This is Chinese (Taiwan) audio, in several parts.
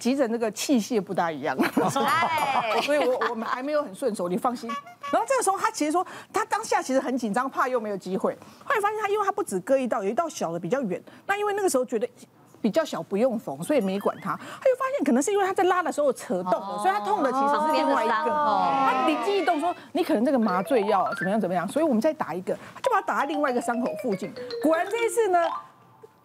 急診那個器械不大一樣，所以，我我們還沒有很順手，你放心。然後這個時候，他其實說，他當下其實很緊張，怕又沒有機會。後來發現他，因為他不止割一道，有一道小的比較遠。那因為那個時候覺得比較小不用縫，所以沒管他。他又發現，可能是因為他在拉的時候扯動了，所以他痛的其實是另外一個。他靈機一動說：“你可能這個麻醉藥怎麼樣怎麼樣？”所以我們再打一個，就把它打在另外一個傷口附近。果然這一次呢。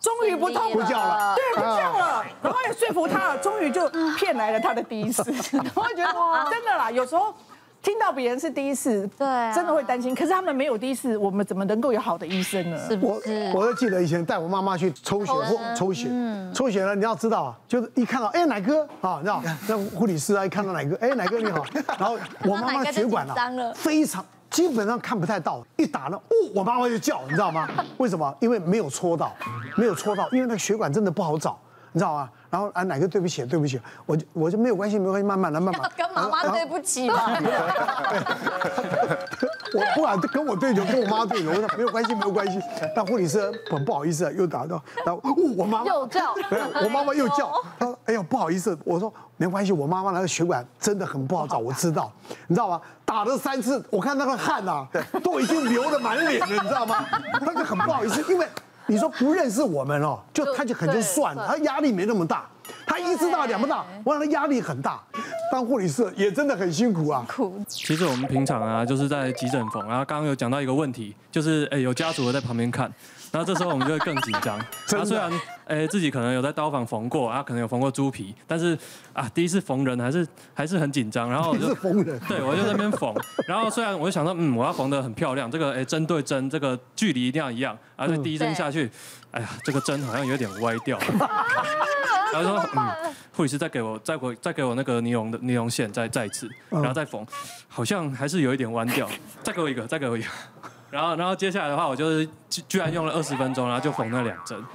終於不痛力了，不叫了，對，不叫了、啊。然後也說服他了，終於就騙來了他的第一次。我也覺得哇，真的啦。有時候聽到別人是第一次，對，真的會擔心。可是他們沒有第一次，我們怎麼能夠有好的醫生呢？不我，我就記得以前帶我媽媽去抽血，抽血，嗯、抽血了。你要知道啊，就是一看到，哎，乃哥，好你知道，那護理師啊，一看到乃哥，哎，乃哥你好。然後我媽媽血管啊，非常。基本上，看不太到，一打呢，哦，我媽媽就叫，你知道嗎？為什麼？因為沒有戳到，沒有戳到，因為那個血管真的不好找，你知道嗎？然後啊，哪個對不起？對不起，我就我就沒有關係，沒有關係，慢慢來，慢慢的，跟媽媽對不起。我不敢跟我隊友，跟我媽隊友，我說沒有關係，沒有關係。 但護理師很不好意思啊，又打到，然後我媽媽又叫，沒有，我媽媽又叫，她說：“哎呦，不好意思。”我說：“沒關係，我媽媽那個血管真的很不好找，好啊，我知道，你知道嗎？打了三次，我看那個汗吶、啊，對都已經流得滿臉了，你知道嗎？她就很不好意思， 因為你說不認識我們哦，喔，就他就肯定算了，他壓力沒那麼大。”他一次大兩不大，我讓對他壓力很大。當護理師也真的很辛苦啊。苦。其實我們平常啊，就是在急診縫。然後剛剛有講到一個問題，就是誒有家屬在旁邊看，然後這時候我們就會更緊張。他、 啊、雖然誒自己可能有在刀房縫過啊，可能有縫過豬皮，但是啊第一次縫人還是還是很緊張。然後我就縫人。對，我就在那邊縫。然後雖然我就想到，嗯，我要縫得很漂亮，這個誒針對針，這個距離一定要一樣。而、啊、且第一針下去，對哎呀，這個針好像有點歪掉了。 然後說，嗯護理師再給我再給,我再,給我再給我那個尼龍的尼龍線再再一次，然後再縫，嗯、好像還是有一點彎掉。再給我一個，再給我一個。一個然後然後接下來的話，我就是居,居然用了二十分鐘，然後就縫那兩針。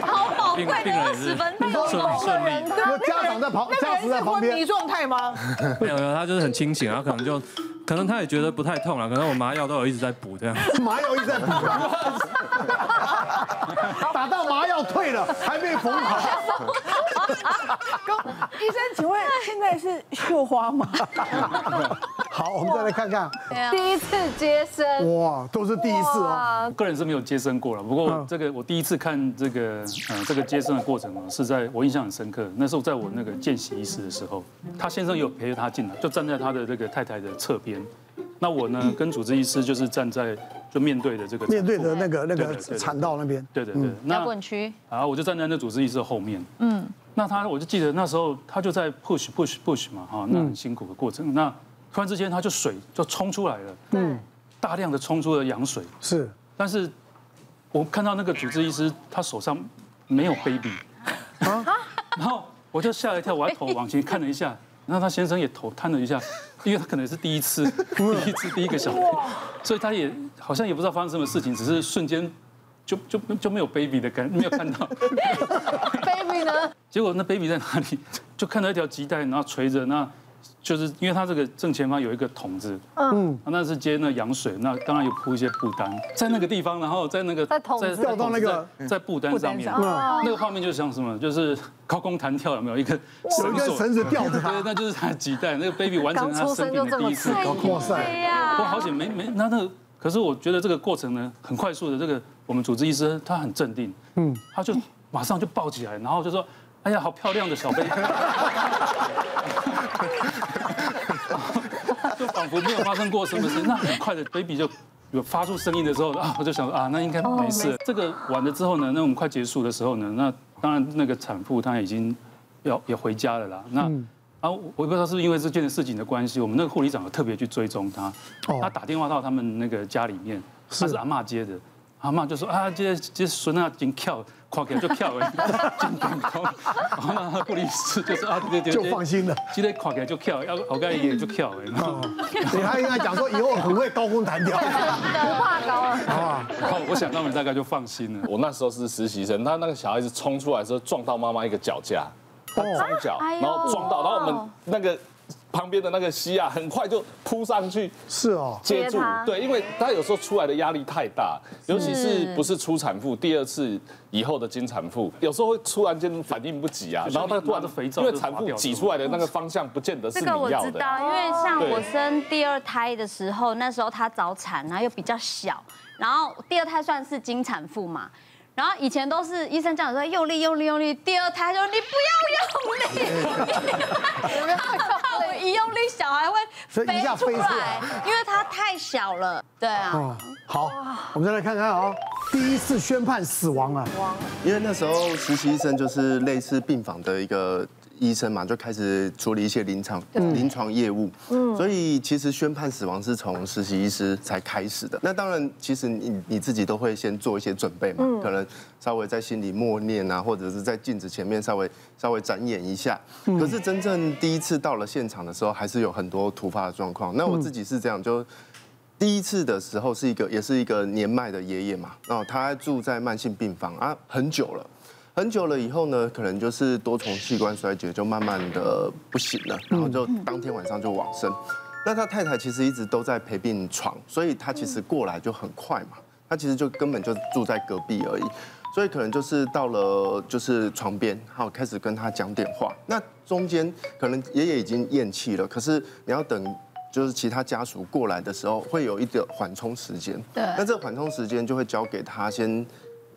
好寶貴，用了二十分鐘，好順順利。家長在旁，家、那個、人在昏迷狀態嗎？沒有沒有，他就是很清醒，然後可能就可能他也覺得不太痛了，可能我麻藥都有一直在補這樣。麻藥一直在補、啊。 打到麻藥退了，還沒縫好。 醫生，請問現在是繡花嗎？ 好，我們再來看看第一次接生。哇，都是第一次啊！哇個人是沒有接生過了，不過這個我第一次看這個，嗯，這個接生的過程是在我印象很深刻，那時候在我那個見習醫師的時候，他先生有陪着他進來，就站在他的那個太太的側邊。那我呢？跟主治醫師就是站在，就面對的這個面對的那個那個產道那邊。對對對，那棍區。啊，我就站在那主治醫師後面。嗯。那他，我就記得那時候他就在 push push push 嘛，哈，那很辛苦的過程。那突然之間他就水就衝出來了。嗯。大量的衝出了羊水。是。但是我看到那個主治醫師他手上沒有 baby，啊，然後我就嚇了一跳，我還頭往前看了一下，然後他先生也頭探了一下。因為他可能是第一， 第一次，第一次，第一個小孩， 所以他也好像也不知道發生什麼事情，只是瞬間就就就沒有 baby 的感覺，沒有看到 baby 呢。結果那 baby 在哪裡？就看到一條臍帶，然後垂着那。就是因為他這個正前方有一個桶子，嗯，那是接那羊水，那當然有鋪一些布單，在那個地方，然後在那個在桶子在布單上面，啊、那個畫面就像什麼，就是高空彈跳，有沒有一個繩索，繩子吊着，啊、對，那就是他幾代那個 baby 完成他生命的第一次高空哇塞，啊、好險沒沒那那個、個可是我覺得這個過程呢很快速的，這個我們主治醫師他很鎮定，嗯，他就馬上就抱起來，然後就說，哎呀，好漂亮的小 baby。 就仿佛沒有發生過什麼事，那很快的 baby 就有發出聲音的時候啊，我就想說啊，那應該沒事。這個完了之後呢，那我們快結束的時候呢，那當然那個產婦她已經要要回家了啦。那、嗯、啊，我不知道是不是因為這件事情的關係，我們那個護理長有特別去追蹤她，她、哦、打電話到他們那個家裡面，是，他是阿嬤接的。阿媽就說啊，這這孫啊真巧，跨起就跳，然後呢，他過一次就是啊，對對對，就放心了。今天跨起就跳，要高一點就跳了。你知道？所以、嗯、後他應該講說以後很會高空彈跳，不怕高啊。啊，好，我想我們大概就放心了。 我那時候是實習生，他那個小孩子衝出來的時候撞到媽媽一個腳架，哦、他張腳，然後撞到，哎、呦然後我們那個。旁邊的那個西啊，很快就撲上去。是哦，接住。對，因為他有時候出來的壓力太大，是尤其是不是初產婦，第二次以後的經產婦，有時候會突然間反應不及啊。嗯、然後他突然就肥皂，因為產婦擠出來的那個方向不見得是你要的。這個我知道，對因為像我生第二胎的時候，那時候他早產，然後又比較小，然後第二胎算是經產婦嘛，然後以前都是醫生這樣說，用力用力用力，第二胎說你不要用，用力。 一用力，小孩會飛出來，出來因為它太小了。對啊，哦、好，我們再來看看啊、哦，第一次宣判死亡了，死亡。因為那時候實習醫生就是類似病房的一個。醫生嘛，就開始處理一些臨床臨床業務，嗯，所以其實宣判死亡是從實習醫師才開始的。那當然，其實你你自己都會先做一些準備嘛，可能稍微在心裡默念啊，或者是在鏡子前面稍微稍微展演一下。可是真正第一次到了現場的時候，還是有很多突發的狀況。那我自己是這樣，就第一次的時候是一個也是一個年邁的爺爺嘛，然後他住在慢性病房啊，很久了。很久了以後呢，可能就是多重器官衰竭，就慢慢的不行了，然後就當天晚上就往生。那他太太其實一直都在陪病床，所以他其實過來就很快嘛，他其實就根本就住在隔壁而已，所以可能就是到了就是床邊，好開始跟他講點話。那中間可能爺爺已經嚥氣了，可是你要等就是其他家屬過來的時候，會有一個緩衝時間。對，那這個緩衝時間就會交給他先。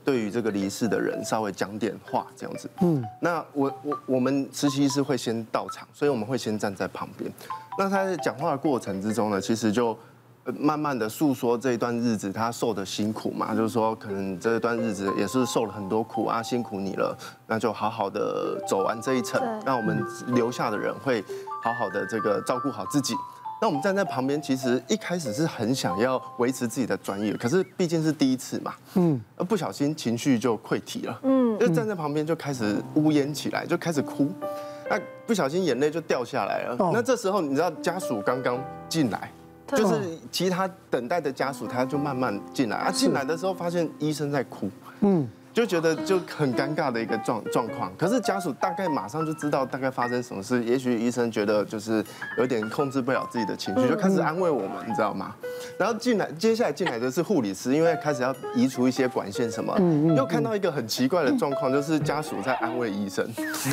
對於這個離世的人，稍微講點話這樣子。嗯，那我我我們實習生會先到場，所以我們會先站在旁邊。那他在講話的過程之中呢，其實就慢慢的訴說這一段日子他受的辛苦嘛，就是說可能這段日子也是受了很多苦啊，辛苦你了。那就好好的走完這一程，讓對我們留下的人會好好的這個照顧好自己。那我們站在旁邊，其實一開始是很想要維持自己的專業，可是畢竟是第一次嘛，嗯，不小心情緒就潰堤了，嗯，就站在旁邊就開始嗚咽起來，就開始哭，那不小心眼淚就掉下來了。那這時候你知道家屬剛剛進來，就是其他等待的家屬，他就慢慢進來，啊，進來的時候發現醫生在哭，嗯。就覺得就很尷尬的一個狀狀況，可是家屬大概馬上就知道大概發生什麼事，也許醫生覺得就是有點控制不了自己的情緒，就開始安慰我們，你知道嗎？然後進來，接下來進來的是護理師，因為開始要移除一些管線什麼。嗯，又看到一個很奇怪的狀況，就是家屬在安慰醫生。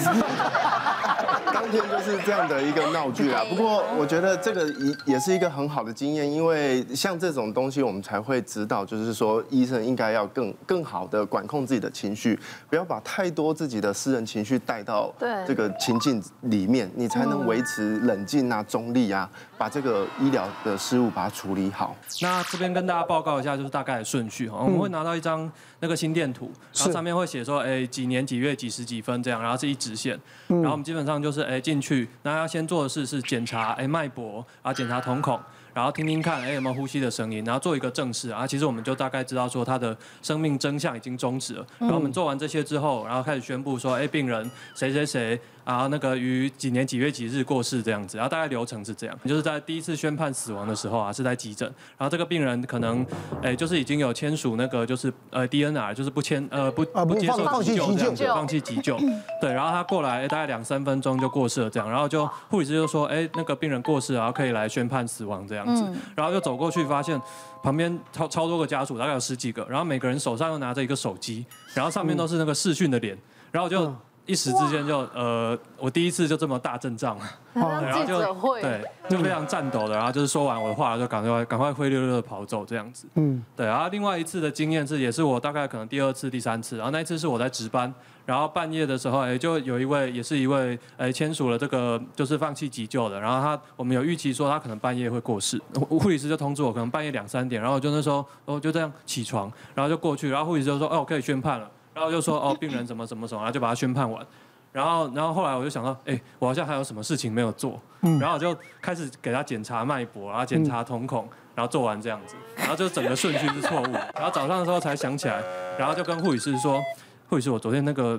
哈哈哈，當天就是這樣的一個鬧劇啊。不過我覺得這個一也是一個很好的經驗，因為像這種東西，我們才會知道，就是說醫生應該要更更好的管控自己的情緒，不要把太多自己的私人情緒帶到對這個情境裡面，你才能維持冷靜啊、中立啊，把這個醫療的事務把它處理好。好，那這邊跟大家報告一下，就是大概的順序哈。嗯、我們會拿到一張那個心電圖，是然後上面會寫說，哎、欸，幾年幾月幾時幾分這樣，然後是一直線。嗯、然後我們基本上就是，哎、欸，進去，那要先做的事是檢查，哎、欸，脈搏，然後檢查瞳孔。然後聽聽看，哎、欸、有沒有呼吸的聲音？然後做一個證實啊，其實我們就大概知道說他的生命真相已經終止了。嗯、然後我們做完這些之後，然後開始宣佈說，哎、欸、病人誰誰誰啊，那個於幾年幾月幾日過世這樣子。然後大概流程是這樣，就是在第一次宣判死亡的時候啊，是在急診。然後這個病人可能，哎、欸、就是已經有簽署那個就是呃 DNR，就是不簽呃不不接受急救這樣子，放，放棄急救， 對。然後他過來，哎、欸、大概兩三分鐘就過世了這樣，然後就護理師就說，哎、欸、那個病人過世，然後可以來宣判死亡這樣。樣子，嗯，然後就走過去，發現旁邊超超多個家屬，大概有十幾個，然後每個人手上又拿着一個手機，然後上面都是那個視訊的臉，然後就，嗯一時之間就哇呃，我第一次就這麼大陣仗，然後就對，就非常顫抖的，然後就是說完我的話就趕快趕快灰溜溜的跑走這樣子，嗯，對，然後另外一次的經驗是，也是我大概可能第二次第三次，然後那一次是我在值班，然後半夜的時候，哎，就有一位也是一位、哎、簽署了這個就是放棄急救的，然後他我們有預期說他可能半夜會過世，護理師就通知我可能半夜兩三點，然後就那時候，哦就這樣起床，然後就過去，然後護理師就說哦我可以宣判了。然後就說哦，病人怎麼怎麼怎麼，然後就把他宣判完，然後然後後來我就想到，哎、欸，我好像還有什麼事情沒有做，嗯、然後我就開始給他檢查脈搏，然後檢查瞳孔，嗯、然後做完這樣子，然後就整個順序是錯誤，然後早上的時候才想起來，然後就跟護理師說，護理師，我昨天那個。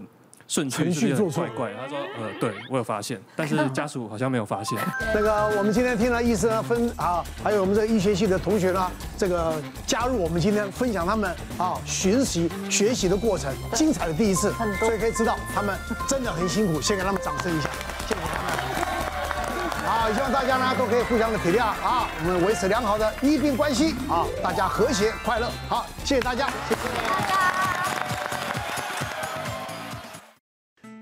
順程序做出來，他說，呃，對，我有發現，但是家屬好像沒有發現。那個，我們今天聽了醫生分啊,還有我們這個醫學系的同學呢，這個加入我們今天分享他們啊學習學習的過程，精彩的第一次，所以可以知道他們真的很辛苦，先給他們掌聲一下，謝謝他們。好，希望大家呢都可以互相的體諒啊，我們維持良好的醫病關係啊，大家和諧快樂。好，謝謝大家。謝謝，謝謝。